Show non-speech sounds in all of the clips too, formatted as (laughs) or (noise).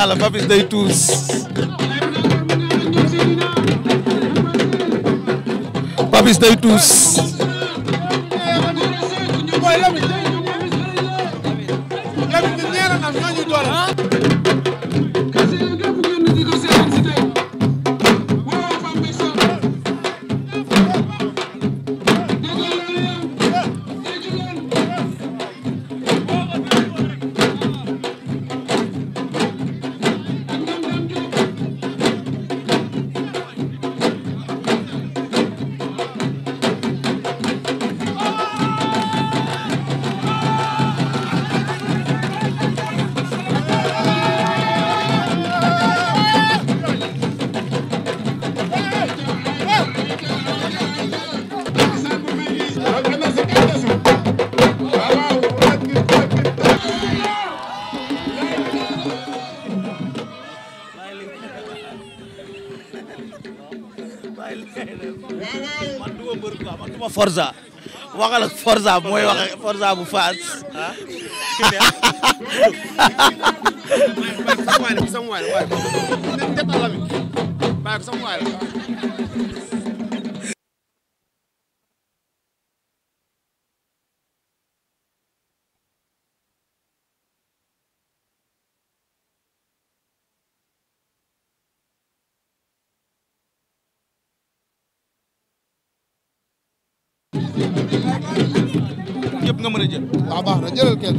naa la Papis day tuus Papis day tuus boy Lamine Lamine ñeena na ñoo ñu doole man du ma mbër quoi man du ma Forza waxal ak Forza mooy wax ak Forza bu Faas ah. sama waay la sama waay la waaye. ñëpp nga mën a jël. waaw baax na jëlal kenn.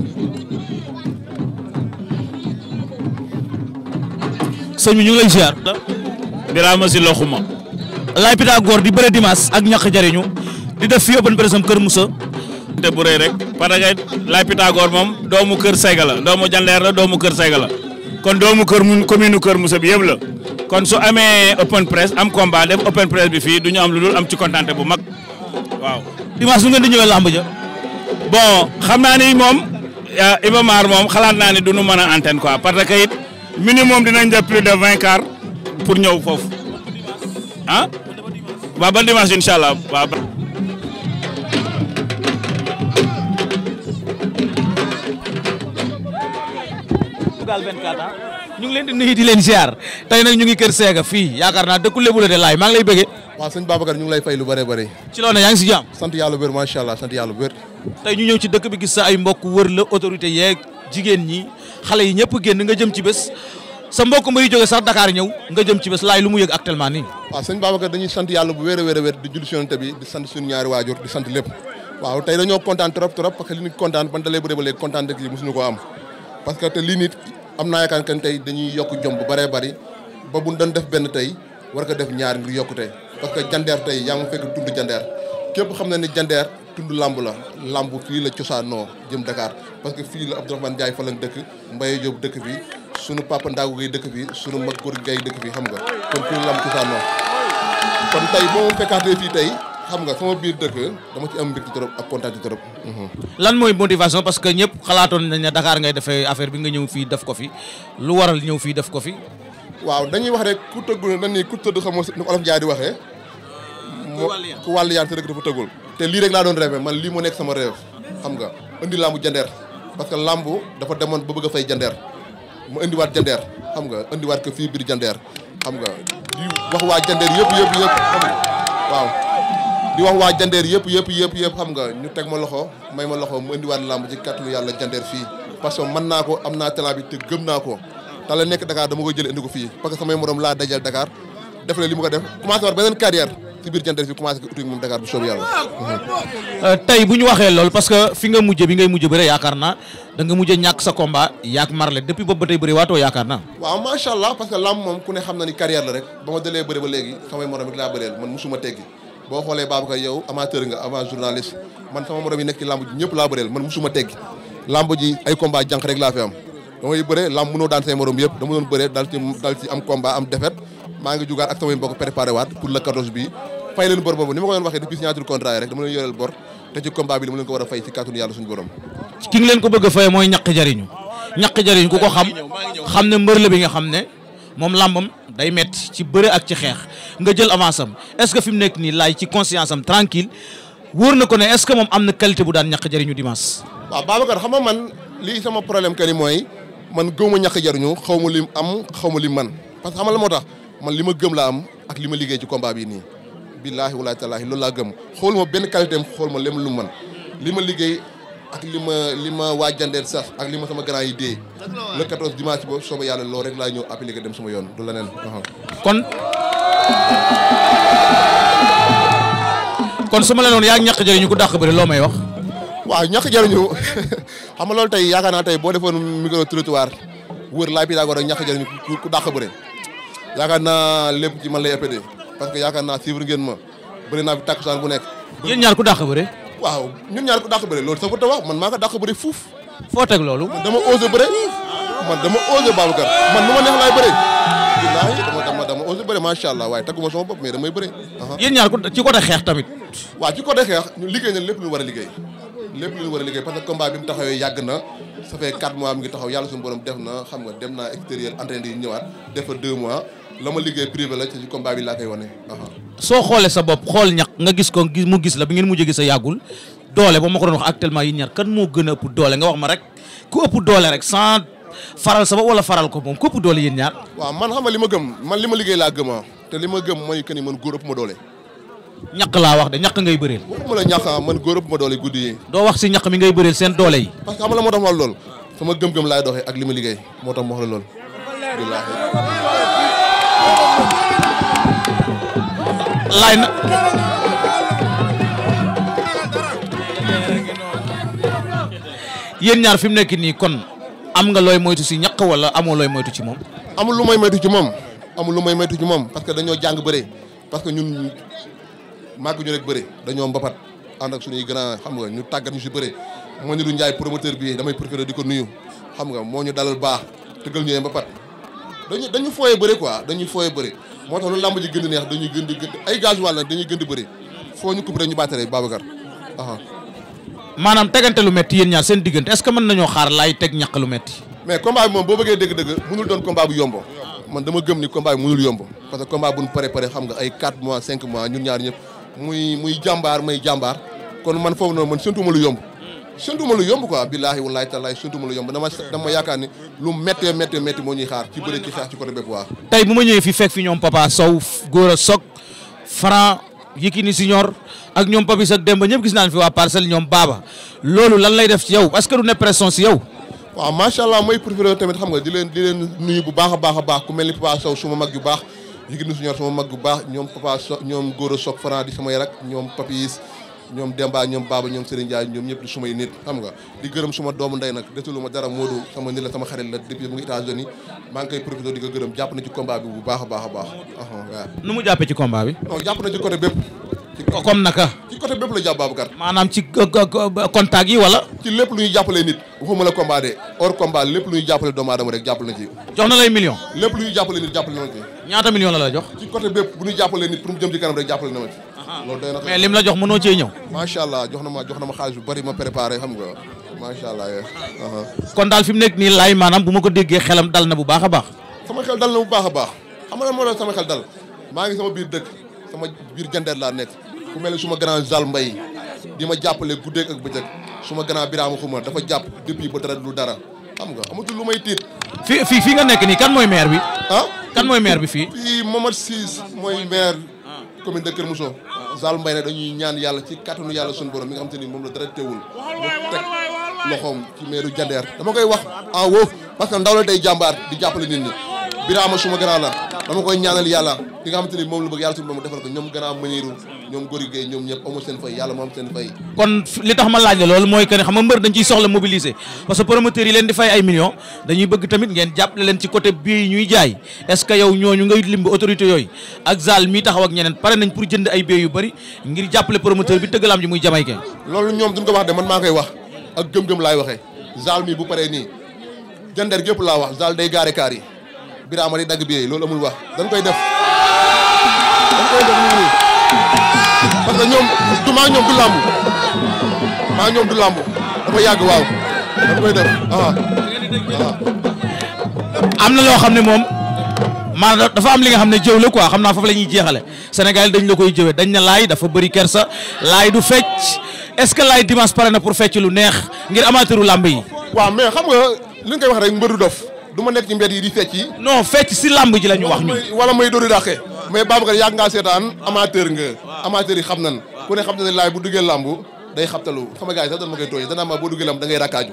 lay ziar. si loxuma. Laye Pythagore di bëre dimanche ak ñaq jariñu di def fi open press am Kër Moussa. te bu rëy rek parce que Laye Pythagore moom doomu Kër Seyga la doomu Jandeer doomu Kër Seyga la kon doomu kër mu commune Kër Moussa bi yëpp la kon su amee open press am combat def open press bi fii duñu am lu dul am ci kontaante bu mag waaw. dimanche su ngeen di ñëwee làmb ja bon xam naa ni moom eh, Iba Mar moom xalaat naa ni du nu mën a antenne quoi parce que it minimum dinañ def plus de vingt car pour ñëw foofu ah waaw ba dimanche incha allah waaw. Ah. ñu ngi leen di nuyu di leen ziar tey nag ñu ngi kër Sega fii yaakaar naa dëkku Lebu de laay maa lay bëggee. waaw sëñ Babacar ñu ngi lay fay lu bëree bëri. ci loolu nag yaa ngi si jàmm. sant yàlla bu wér macha allah sant yàlla bu wér. tey ñu ñëw ci dëkk bi gis sa ay mbokk wër la autorité yeeg jigéen ñi xale yi ñëpp génn nga jëm ci bés sa mbokk mbay jóge sax Dakar ñëw nga jëm ci bés laay lu mu yëg actuellement nii. waaw sëñ Babacar dañuy sant yàlla bu wér a wér a wér di julli si Yonent bi di sant suñu ñaari waajur di sant lépp waaw tey dañoo kontaan trop trop parce que li nit kontaan ban dalee bu dee ba léegi kontaan dëkk yi mosuñu ko am parce que te lii nit am naa yaakaar kan tey dañuy yokk jom bu bëree bëri ba bu doon def benn tey war ko def ñaar ngir yokkute parce que jandeer tey yaa ngi fekk tund jandeer képp xam na ne jandeer tund làmb la làmb fii la cosaanoo jëm dakaar parce que fii la Abdourahmane jaay fa lañ dëkk Mbaye Diop dëkk fi sunu papa Ndaagu dëkk fi sunu mag góor Gueye dëkk fi xam nga kon la làmb cosaanoo boo ma fekkaatee fii tey xam nga sama biir dëkk dama ci am mbégte trop ak kontaan trop. Mhm. lan mooy motivation parce que ñëpp xalaatoon nañ ne Dakar ngay defee affaire bi nga ñëw fii def ko fi lu waral ñëw fii def ko fi. waaw dañuy wax rek ku tëggu na ni ku tëdd xamoo si nu olof Njaay di waxee. ku wàllu yaan sa rek dafa tëggul te lii rek laa doon rêve man lii moo nekk sama rêve xam nga indi lambu jandeer parce que lambu dafa demoon ba bëgga fay jandeer mu indiwaat jandeer xam nga indiwaat ko fii biir jandeer xam nga di waa jandeer yëpp yëpp yëpp xam nga waaw di wax waa yëpp yëpp yëpp yëpp xam nga ñu teg ma loxo may ma loxo mu indiwaat lamb ci kàttanu yàlla jandeer fii parce que mën naa ko am naa talent bi te gëm naa ko te la nekk Dakar dama ko jël indi ko fii parce que samay morom laa dajal Dakar def la li ko def commencé war beneen carrière si biir jantal fi commencé uti moom Dakar bu soobu yàlla. Euh, tey bu ñu waxee loolu parce que fi nga mujjee bi ngay mujjee bëre yaakaar naa da nga ñàkk sa combat yaak Marley depuis boobu ba tey bëri waatoo yaakaar naa. waaw macha allah parce que moom ku ne xam na ni carrière la rek ba ma dalee bëri ba léegi samay morom it laa bëreel man musuma yi laa bëreel man musuma teggi lamb ji ay combat jànq rek laa fi am damay bëre lamb mënoo daan say morom yëpp dama doon bëre dal maa ngi jugaat ak samay mbokk préparé waat pour le 14 bi fay leen bor boobu ni ma ko doon waxee depuis signature contrat yi rek dama leen yoreel bor te ci combat a fay ci a mooy ñaq jariñu ñaq ko xam xam ne mbër la bi nga xam ne moom làmbam day metti ci bëre ak ci xeex nga jël avance am est-ce que fi mu nekk nii laay ci conscience am tranquille wóor na ko ne est-ce que moom am na qualité bu daan ñaq jariñu dimanche waaw Babacar xam nga man lii sama problème que mooy man gëw ma ñaq jariñu xaw ma lim am xaw ma lim man parce que xamal moo tax man li ma gëm laa am ak li ma liggéey ci combat bi nii billaahi walaahi talaahi loolu laa gëm xool ma benn qualité am xool ma lem lu man li ma liggéey ak li ma li ma waa jandeen sax ak li ma sama grand yi dee le 14 dimanche boobu sooba yàlla loolu rek laa ñëw appliqué dem sama yoon du leneen uh-huh. kon kon su ma la noonu yaa ñàkk jëriñu ku dàq bëri loo may wax waaw ñàkk jëriñu (laughs) xam nga loolu tey yaakaar naa tey boo defoon micro trottoir wër laay bi a ko rek ñàkk ku dàq bëri yaakaar naa lépp ci man lay EPD parce que yaakaar naa suivre ngeen ma bëri naa fi takkusaan bu nekk. yéen ñaar ku dàq waaw ñun ñaar ku dàq bëre loolu sax ta wax man maa ko dàq bëre fuuf. foo teg loolu. man dama osé bëre man dama osé Babacar man ma neex laay bëre. billaahi dama dama dama macha allah waaye tagguma sama bopp mais damay bëre. yéen ci côté xeex tamit. waaw ci côté xeex ñu liggéey lépp lu war a liggéey. lépp lu ñu war a liggéey parce que yàgg na ça fait ngi taxaw yàlla suñu borom def na xam nga dem naa extérieur entraîné yi ñëwaat def fa 2 mois la ma liggéey privé la ci combat bi laa koy wane. soo xoolee sa bopp xool ñax nga gis ko mu gis la bi ngeen mujjee gis sa yàggul doole ba ma ko doon wax actuellement yi ñaar moo gën a ëpp doole nga ma rek ku ëpp doole rek sans faral sa bopp wala faral ko moom ku ëpp doole yéen ñaar. waa man xam ma li ma gëm man li ma liggéey laa gëm te li ma gëm mooy que ni man góor ëpp ma doole. ñaq laa wax de ñaq ngay bëreel. waxuma la ñaq man góor ma doole guddi doo wax si ñaq mi ngay bëreel seen doole yi. parce que xam la moo tax ma lool sama gëm-gëm laay doxee ak li ma liggéey moo tax ma wax la lay na yéen ñaar fi mu nekk nii kon am nga looy moytu si ñaq wala amoo looy moytu ci moom. amul lu may moytu ci moom amul lu may moytu ci moom parce que dañoo jàng bëre parce que ñun màgg ñu rek bëre dañoo mbapat ànd ak suñuy grand xam nga ñu tàggat ñu si bëre moo ñu du njaay promoteur bi damay préféré di ko nuyu xam nga moo ñu dalal baax tëggal ñu mbapat. dañu dañu fooyee bëri quoi dañuy fooyee bëri moo tax loolu làmb ji gën di neex dañuy gën di gën ay gaz wàll nag dañuy gën di bëri foo ñu coupe rek ñu bàttare Babacar aa maanaam tegante lu métti yéen ñaar seen diggante est-ce que mën nañoo xaar laay teg ñàq lu métti mais combat bi moom boo bëggee dëgg-dëgg mënul doon combat bu yombo man dama gëm ni combat bi mënul yomb parce que combat bu ñu préparé xam nga ay 4 mois 5 mois ñun ñaar ñëpp muy muy jàmbaar may jàmbaar kon man foofu noonu man séntu lu yomb sentuma yomb quoi billaahi wallaahi tallaahi sentuma lu yomb dama dama yaakaar ni lu ak ñoom Papis ak Demba ñëpp gis naan fi waa parcelle lay def ci yow est que du ne pression si yow waaw allah mooy profité tamit xam nga di leen di leen nuyu bu baax a baax a baax ku mel ni Papa Sow suma mag yu baax Yékini Senior suma mag yu baax ñoom Papa Sow ñoom Gora Sock Franc di sama yarak ñoom Papis ñoom Demba ñoom Baba ñoom Serigne Ndiaye ñoom ñëpp sumay nit xam nga di gërëm suma doomu ndey nag detulu ma dara Modou sama nit la sama xarit la depuis mu ngi États-Unis maa ko gërëm na ci combat bi bu baax a baax a baax waaw nu mu jàppee ci na ci côté bépp comme naka ci côté bépp maanaam ci contact yi wala ci lépp lu ñuy jàppalee nit waxuma la combat de hors combat lépp lu ñuy jàppale doomu aadama rek jàppale na ci jox na lay million lépp lu ñuy jàppalee nit jàppale na ma ci ñaata million la la jox ci côté bépp bu ñuy jàppalee nit pour mu jëm ci kanam rek jàppale na ma Ah. loolu doy na mais lim la jox mënoo cee ñëw. macha allah jox na ma jox na ma xaalis bu bari ma préparé xam nga macha uh-huh. fi mu nekk nii laay maanaam bu ma ko déggee xelam dal na bu baax a bu baax a baax xam nga moo tax sama xel dal maa ngi biir dëkk laa nekk ku mel ne suma grand Zal Mbaye di ma jàppale guddeeg ak bëccëg suma grand Birama Xuma dafa jàpp depuis ba dara du dara xam nga amatul lu may tiit. fi fi fi nga nekk nii kan mooy maire bi. ah kan mooy maire bi fii. fii Momar Ciss mooy maire commune de Kër Mousso. saal mbay nag dañuy ñaan yàlla ci kàttanu yàlla suñu borom mi nga xam te ni moom la dara teewul mu teg loxoom ci meeru Jandeer dama koy wax en wóof parce que ndaw la day jàmbaar di jàppale nit ñi Birama suma grand dama koy ñaanal yàlla ki nga xamante ni moom lu bëgg yàlla suñu moom defal ko ñoom gannaaw mëniiru ñoom góor ñoom ñëpp amul seen fay yàlla moo seen fay kon li tax ma laaj la loolu mooy que xam nga mbër dañuy bëgg tamit ngeen jàppale leen ci côté bii ñuy jaay est yow ñooñu ngay limb autorité yooyu ak zal mii taxaw ak ñeneen pare nañ pour jënd ay billets yu bëri ngir jàppale promoteur bi tëggalaam ji muy jamaykee loolu ñoom duñ ko wax de man maa Birama di dagg bi loolu amul wax dañ koy def dañ koy parce que ñoom du maa dafa yàgg waaw dañ koy def am na loo xam ne moom maanaam dafa am li nga xam ne jëw la ko xam naa foofu la ñuy jeexale Sénégal yi dañ la koy jëwee dañ ne laay dafa bari kersa laay du fecc est-ce que laay dimanche pare na pour fecc lu neex ngir amateuru làmb yi. waaw mais xam nga li nga koy wax rek mbëru dof du ma nekk ci mbedd yi di fecc yi. non fecc si làmb ji la wax ñu. wala may dóori dàqe. mais Babacar yàgg ngaa seetaan amateur nga. amateur yi xam nan ku ne xam na ne laay bu duggee làmb day xabtalu sama gars yi sax dana ma koy tooyee danaa ma boo duggee làmb da ngay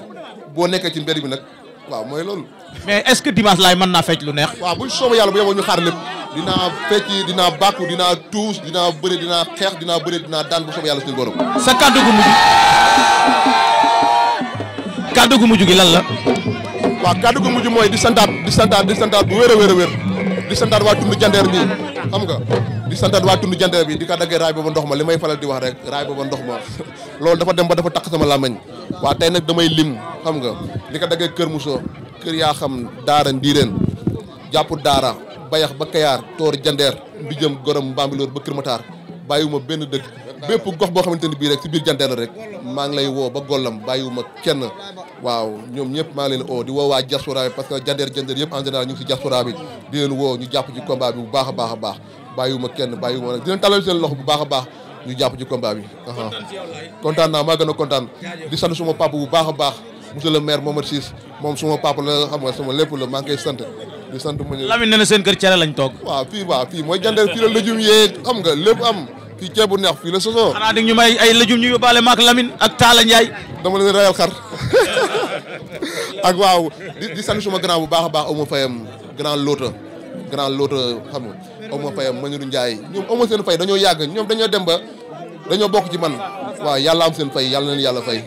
boo nekkee ci mbedd bi nag waaw mooy loolu. mais est-ce que dimanche laay mën naa fecc lu neex. waaw bu soobee yàlla bu yeboo ñu xaar lépp. dinaa fecc dinaa bàkku dinaa tuus dinaa bëre dinaa xeex dinaa bëre dinaa daan bu soobee yàlla suñu borom. sa kàddu gu mujj gi lan la waaw kàddu gu mujj mooy di santaat di santaat di santaat bu wér a wér a wér di santaat waa tund jandeer bi xam nga di santaat waa tund jandeer bi di ko daggee raay booba ndox ma li may faral di wax rek raay booba ndox ma (laughs) loolu dafa dem ba dafa takk sama làmmiñ waa tey nag damay lim xam nga li ko daggee Kër Mousso kër yaa xam daara ndiireen jàpp daara bayax ba kayaar toor jandeer mbi jëm gorom Bambilor ba Kër Matar bàyyiwuma benn dëkk bépp gox boo xamante ne bii rek si biir jandeer la rek maa ngi lay woo ba gollam bàyyiwuma kenn waaw ñoom ñëpp maa leen oo di woo waa diaspora parce que jandeer jandeer yëpp en général ñu ngi si diaspora bi di leen woo ñu jàpp ci combat bi bu baax a baax a baax bàyyiwuma kenn bàyyiwuma di leen talal seen bu baax a baax ñu jàpp ci combat bi kontaan naa maa a kontaan di sant suma papa bu baax a baax monsieur le maire Momar moom suma papa la xam nga sama lépp la maa ngi sant di sant mu Lamine nee na seen kër cere lañ toog waaw fii waaw fii mooy jandeer fii la lëjum yee xam nga lépp am fii ceebu neex fii la sosoo xanaa di ñu may ay lëjum ñu yóbbaale maak Lamine ak Talla Ndiaye dama leen rayal (laughs) ak waaw di di sant suma grand bu baax a baax amoo fayam grand loota grand loota xam nga amoo fayam Manirou Ndiaye ñoom amoo seen fay dañoo yàgg ñoom dañoo dem ba dañoo bokk ci man waaw yàlla am seen fay yàlla na yàlla fay.